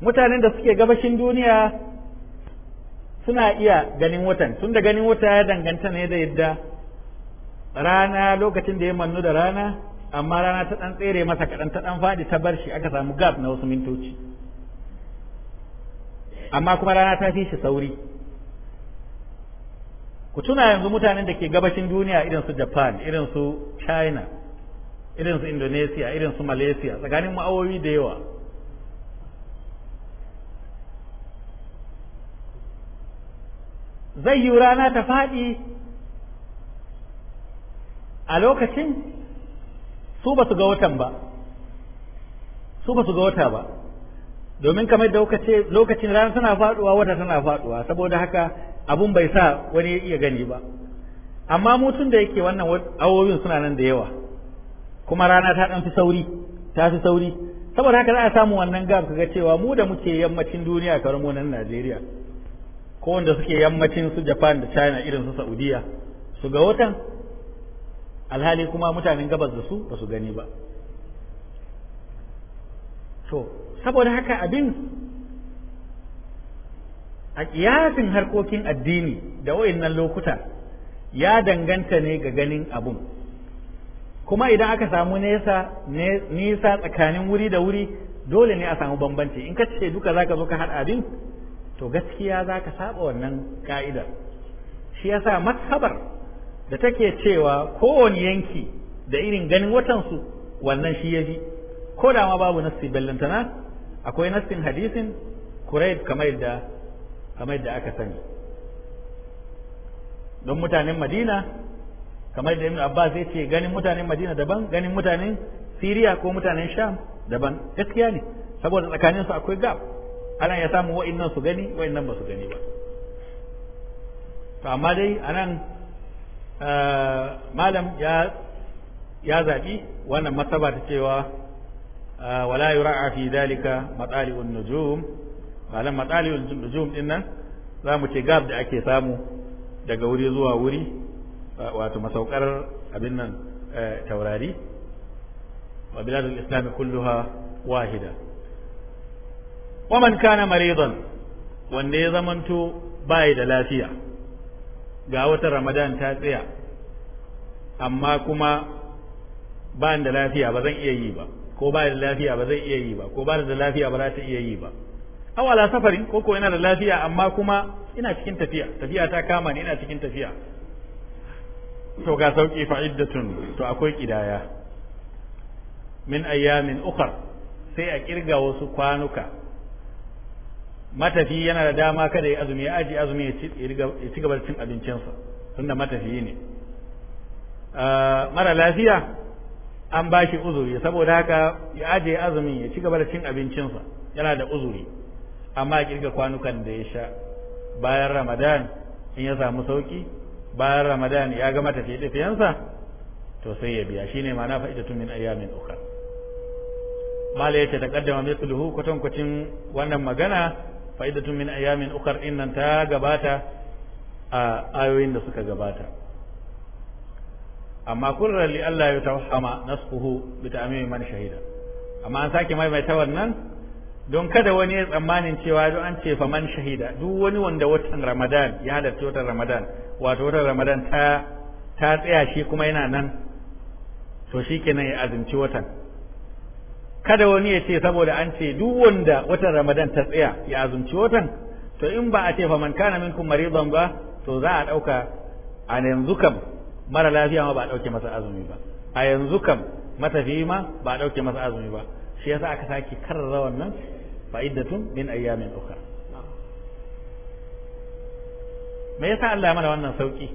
mutanen da suke gabashin duniya suna iya ganin watan tun da ganin wata ya danganta ne da yadda rana lokacin da ya mannu da rana amma rana ta ɗan tsere masa kaɗan ta ɗan faɗi ta bar shi aka samu gap na wasu mintoci amma kuma rana ta fi shi sauri ku tuna yanzu mutanen da ke gabashin duniya irin su japan irin su china irin su indonesia irin su malaysia tsakanin ma'awoyi da yawa zai yi rana ta faɗi a lokacin su ba su ga watan ba su ba su ga wata ba domin kamar da ce lokacin rana tana faɗuwa wata tana faɗuwa saboda haka abun bai sa wani iya gani ba amma mutum da yake wannan awowin suna nan da yawa kuma rana ta ɗan fi sauri ta fi sauri saboda haka za a samu wannan gab kaga cewa mu da muke yammacin duniya kamar mu nan Najeriya ko wanda suke yammacin su Japan da China irin su Saudiya su ga watan alhali kuma mutanen gabas da su ba su gani ba to saboda haka abin a kiyasin harkokin addini da wayannan lokuta ya danganta ne ga ganin abun kuma idan aka samu nesa nisa tsakanin wuri da wuri dole ne a samu bambanci in ka ce duka zaka zo ka haɗa abin to gaskiya za ka saba wannan ka'idar shi yasa mashabar da take cewa kowane yanki da irin ganin watansu wannan shi ya ji ko da ma babu nassi ballantana akwai nassin hadisin kurayb kamar da kamar da aka sani don mutanen madina kamar da ibn abbas ya ce ganin mutanen madina daban ganin mutanen siriya ko mutanen sham daban gaskiya ne saboda tsakaninsu akwai gab ana ya samu wa'annan su gani wa'annan ba su gani ba to amma dai anan eh, malam ya ya zabi wannan martaba ta cewa eh, wala yura'a fi dalika matali'un nujum malam matali'un nujum din nan za mu ce gab da ake samu daga wuri zuwa wuri eh, wato masaukar abin nan taurari wa biladul islam kulluha wahida wa man kana maridan wanda ya zamanto bai da lafiya ga wata ramadan ta tsaya amma kuma ba da lafiya ba zan iya yi ba ko ba da lafiya ba zan iya yi ba ko ba da lafiya ba za ta iya yi ba aw ala safarin ko ko yana da lafiya amma kuma ina cikin tafiya tafiya ta kama ni ina cikin tafiya to ga sauki fa iddatun to akwai kidaya min ayyamin ukhra sai a kirga wasu kwanuka matafi yana da dama kada ya azumi ya aji azumi ya ci gaba da cin abincinsa tunda matafi ne ah, mara lafiya an ba shi uzuri saboda haka ya ajiye azumin ya ci gaba da cin abincinsa yana da uzuri amma ya kirga kwanukan da ya sha bayan ramadan in ya samu sauki bayan ramadan ya ga matafi tafiyansa to sai ya biya shine ma'ana tun min ayyamin ukhra mala yace taqaddama mithluhu kwatankwacin wannan magana fa'idatun min ayamin ukar innan ta gabata a ayoyin da suka gabata amma kullum li Allah ya tawhama nasfuhu bi ta'mimi man shahida amma an sake maimaita wannan don kada wani ya tsammanin cewa don an ce man shahida duk wani wanda watan ramadan ya halarci watan ramadan wato watan ramadan ta ta tsaya shi kuma yana nan to shikenan ya azumci watan kada wani ya ce saboda an ce duk wanda watan ramadan ta tsaya ya azumci watan to in ba a ce fa man kana minkum maridan ba to za a dauka a yanzu kam mara lafiya ma ba a dauke masa azumi ba a yanzu kam matafiyi ma ba a dauke masa azumi ba shi yasa aka sake karrara wannan fa'iddatun min ayyamin ukhra me yasa Allah mana wannan sauki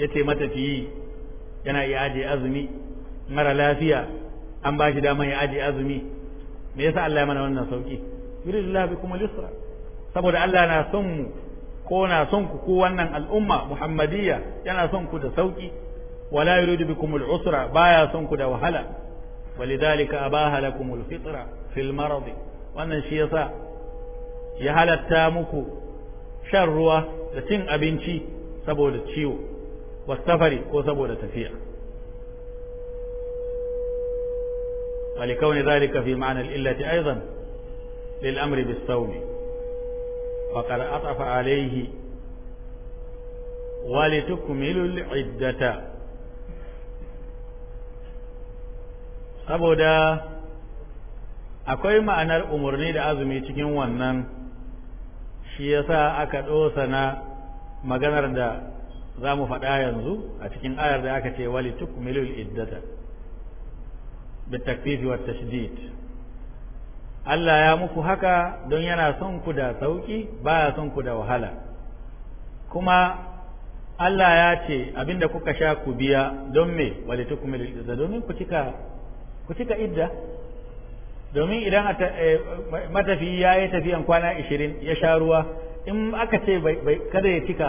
yace matafiyi yana iya aje azumi mara lafiya an ba shi dama ya ajiye azumi me yasa Allah ya mana wannan sauki yuridullahu bikum al-yusra saboda Allah na son mu ko na son ku ko wannan al'umma muhammadiyya yana son ku da sauki wala yuridu bikum al-usra baya son ku da wahala walidhalika abaha lakum al-fitra fil marad wannan shi yasa ya halatta muku shan ruwa da cin abinci saboda ciwo wasafari ko saboda tafiya ولكون ذلك في معنى الإلة أيضا للأمر بالصوم وقد أطف عليه ولتكملوا العدة saboda akwai ma'anar umarni da azumi cikin wannan shi yasa aka ɗosa na maganar da za mu faɗa yanzu a cikin ayar da aka ce wali tukmilul iddata bitakfifi wa tashdid Allah ya muku haka don yana son ku da sauki baya son ku da wahala kuma Allah ya ce abinda kuka sha ku biya don me walitukmil idda domin ku cika ku cika idda domin idan matafiyi ya yi tafiyan kwana ishirin ya sha ruwa in aka ce kada ya cika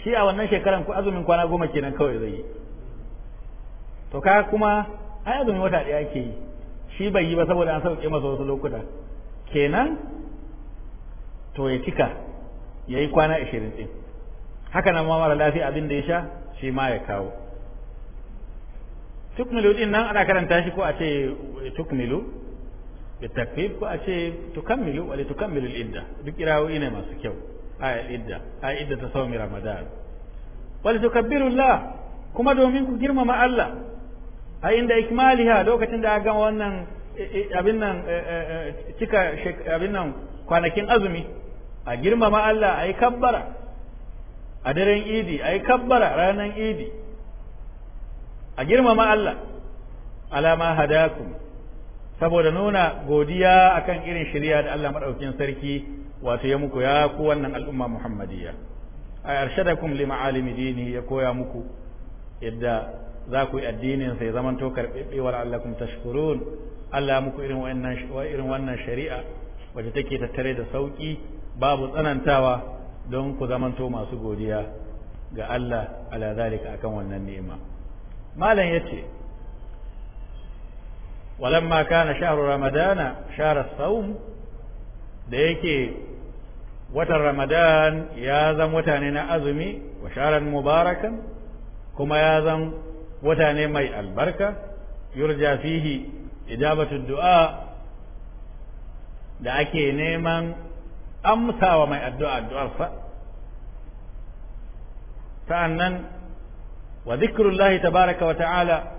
shi a wannan shekaran ku azumin kwana goma kenan kawai zai yi to ka kuma ai azumi wata ɗaya ake yi shi bai yi ba saboda an sauke masa wasu lokuta kenan to ya cika ya yi kwana ashirin ɗin haka nan ma mara lafiya abin da ya sha shi ma ya kawo tukmilu ɗin nan ana karanta shi ko a ce tukmilu da takfif ko a ce tukammilu wale tukammilu idda duk kirawoyi ne masu kyau a idda a idda ta saumi ramadan wale tukabbirullah kuma domin ku girmama Allah a inda ikmaliha lokacin da aka gama wannan e, e, abin nan e, cika abin nan kwanakin azumi a girmama Allah a yi kabbara a daren idi a yi kabbara ranar idi a girmama Allah alama hadakum saboda nuna godiya akan irin shirya da Allah maɗaukin sarki wato ya muku ya ku wannan al'umma muhammadiyya a arshadakum li ma'alimi dini ya koya muku yadda za ku yi addinin sai zaman to karɓeɓe wa la'allakum tashkurun Allah muku irin wannan irin wannan shari'a wacce take tattare da sauki babu tsanantawa don ku zaman to masu godiya ga Allah ala zalika akan wannan ni'ima malam yace walamma kana shahar ramadana shahar saum da yake watan ramadan ya zan wata ne na azumi wa sharan mubarakan kuma ya zan wata ne mai albarka yurja fihi ijabatu du'a da ake neman amsawa mai addu'a addu'arsa sa'annan wa zikrullahi tabaraka wa ta'ala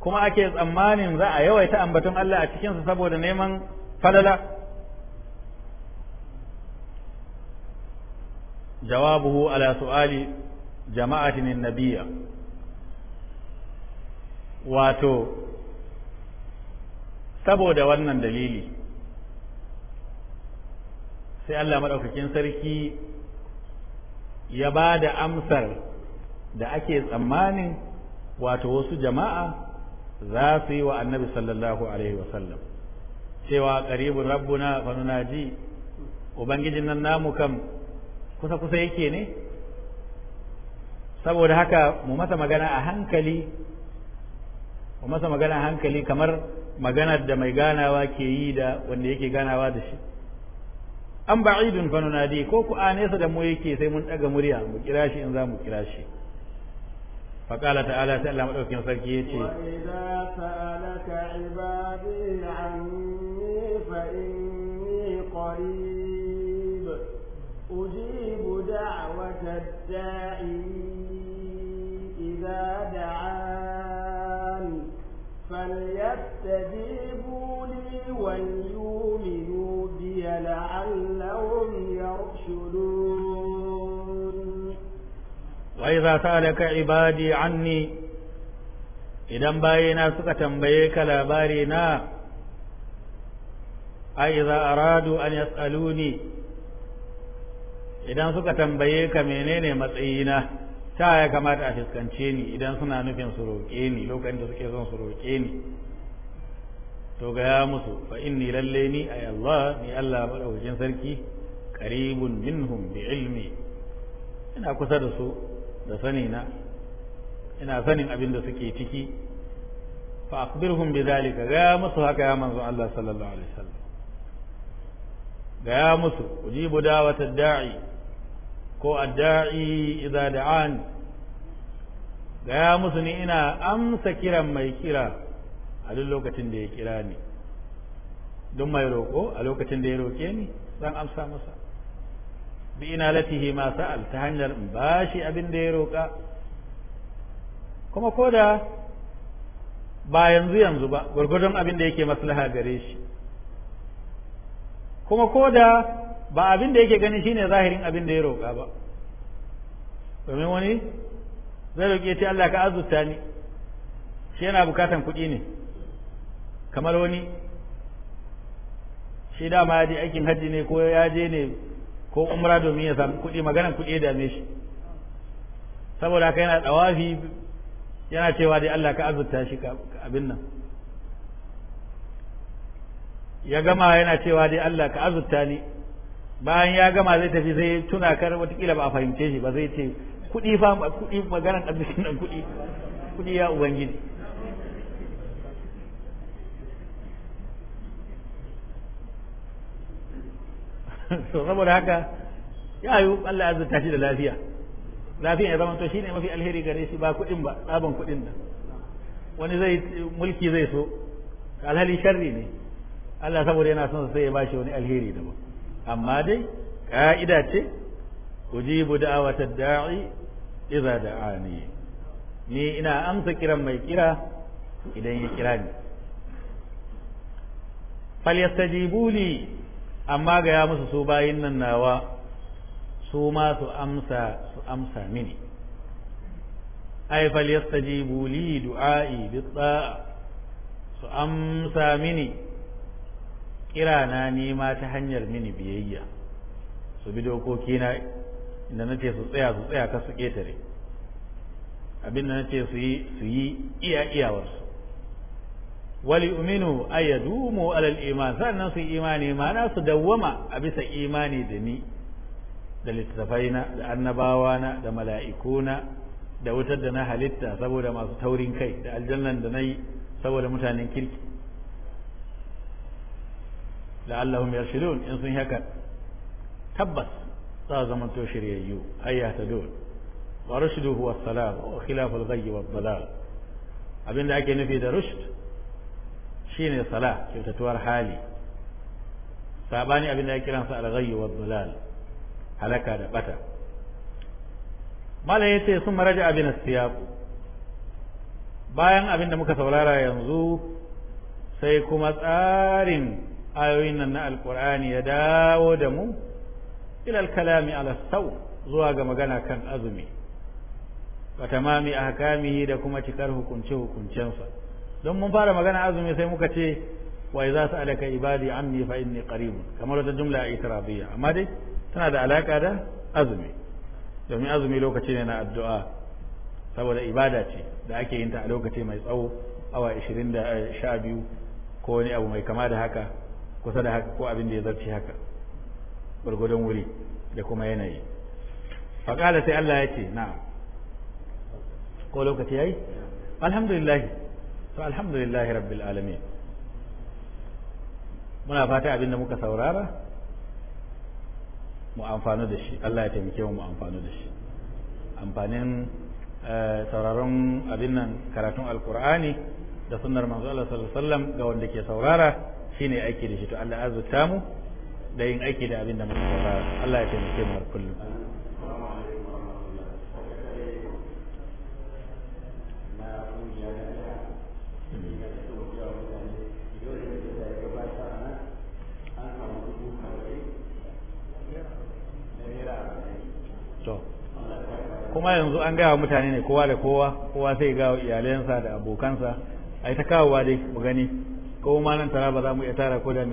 kuma ake tsammanin za a yawaita ambaton Allah a cikinsa saboda neman falala jawabuhu ala su'ali jama'atin nabiyya wato saboda wannan dalili sai Allah maɗaukakin sarki ya ba da amsar da ake tsammanin wato wasu jama'a za su yi wa annabi sallallahu alaihi wasallam cewa ƙaribin rabbuna fanuna ji ubangijin nan namu kam kusa-kusa yake ne saboda haka mu masa magana a hankali wa masa magana hankali kamar maganar da mai ganawa ke yi da wanda yake ganawa da shi an ba'idun fa nunadi ko ku a nesa da mu yake sai mun daga murya mu kira shi in za mu kira shi fa qala ta'ala sai Allah sarki yace wa فليستجيبوا لي وليؤمنوا بي لعلهم يرشدون وإذا سألك عبادي عني idan bayina suka tambaye ka labari na a iza aradu an yas'aluni idan suka tambaye ka menene matsayina ta ya kamata a fuskance ni idan suna nufin su roƙe ni lokacin da suke son su roƙe ni to ga ya musu fa inni lalle ni ay Allah ni Allah madaukakin sarki qaribun minhum bi ilmi ina kusa da su da sani na ina sanin abin da suke ciki fa akhbirhum bi zalika ga ya musu haka ya manzo Allah sallallahu alaihi wasallam ga ya musu ujibu da'watad da'i ko adda'i idza da'an ga ya musu ni ina amsa kiran mai kira a duk lokacin da ya kira ni don mai roƙo a lokacin da ya roƙe ni zan amsa masa bi ina latihi ma sa'al ta hanyar in bashi abin da ya roƙa kuma ko ba yanzu yanzu ba gwargwadon abin da yake maslaha gare shi kuma ko ba abin da yake gani shine zahirin abin da ya roƙa ba domin wani zai roƙe ce Allah ka azurta ni shi yana bukatan kuɗi ne kamar wani shi dama ya je aikin hajji ne ko ya je ne ko umra domin ya samu kuɗi maganan kuɗi ya dame shi saboda haka yana tsawafi yana cewa dai Allah ka azurta shi abin nan ya gama yana cewa dai Allah ka azurta ni bayan ya gama zai tafi zai tuna kar watakila ba a fahimce shi ba zai ce kuɗi fa kuɗi maganan arzikin nan kuɗi kuɗi ya ubangiji to saboda haka ya yi Allah azurta shi da lafiya lafiya ya zama to shine mafi alheri gare shi ba kuɗin ba tsaban kuɗin da wani zai mulki zai so alhali sharri ne Allah saboda yana son sai ya ba bashi wani alheri da amma dai ka'ida ce ujibu da'awata da'i idza da'ani ni ina amsa kiran mai kira idan ya kira ni falyastajibu li amma ga ya musu su bayin nan nawa su ma su amsa su amsa mini ay fal yastajibu li du'ai bi su amsa mini kirana ni ma ta hanyar mini biyayya su bi dokoki na inda nace su tsaya su tsaya ka su ketare abin da nace su yi su yi iya iyawarsu وليؤمنوا أي يدوموا على الإيمان sannan su imani mana su dawwama a bisa imani da ni da littafaina da annabawana da mala'ikuna da wutar da na halitta saboda masu taurin kai da aljannan da na yi saboda mutanen kirki la'allahum yarshidun in sun haka tabbas za zaman to shiryayyu ayyata dole wa rushdu huwa salam wa khilaful ghayyi wad dalal abinda ake nufi da rushd shine sala kyautatuwar hali sabani abin da ya kiransa al-ghayy wa dhulal halaka da bata malam yace sun maraja abin siyab bayan abin da muka saurara yanzu sai kuma tsarin ayoyin nan na Alƙur'ani ya dawo da mu ila al-kalami ala saw zuwa ga magana kan azumi wa tamami ahkamihi da kuma cikar hukunce hukuncensa don mun fara magana azumi sai muka ce wa su alaka ibadi anni fa inni qarib kamar wata jumla a itirabiyya amma dai tana da alaka da azumi domin azumi lokaci ne na addu'a saboda ibada ce da ake yin ta a lokaci mai tsawo awa 20 da eh, biyu ko wani abu mai kama da haka kusa da haka ko abin da ya zarce haka gwargwadon wuri da kuma yanayi faƙala sai Allah ya ce na ko lokaci yayi alhamdulillah to alhamdulillahi rabbil alamin muna fata abin da muka saurara mu amfanu da shi Allah ya taimake mu mu amfanu da shi amfanin eh, sauraron abin nan karatun alkur'ani da sunnar manzo Allah sallallahu alaihi wasallam ga wanda ke saurara shine aiki da shi to Allah azurta mu da yin aiki da abin da muka saurara Allah ya taimake mu har kullum amma yanzu an gaya wa mutane ne kowa da kowa kowa sai ga iyalansa da abokansa ai ta wa dai mu gani ko ma nan tara ba za mu iya tara ko da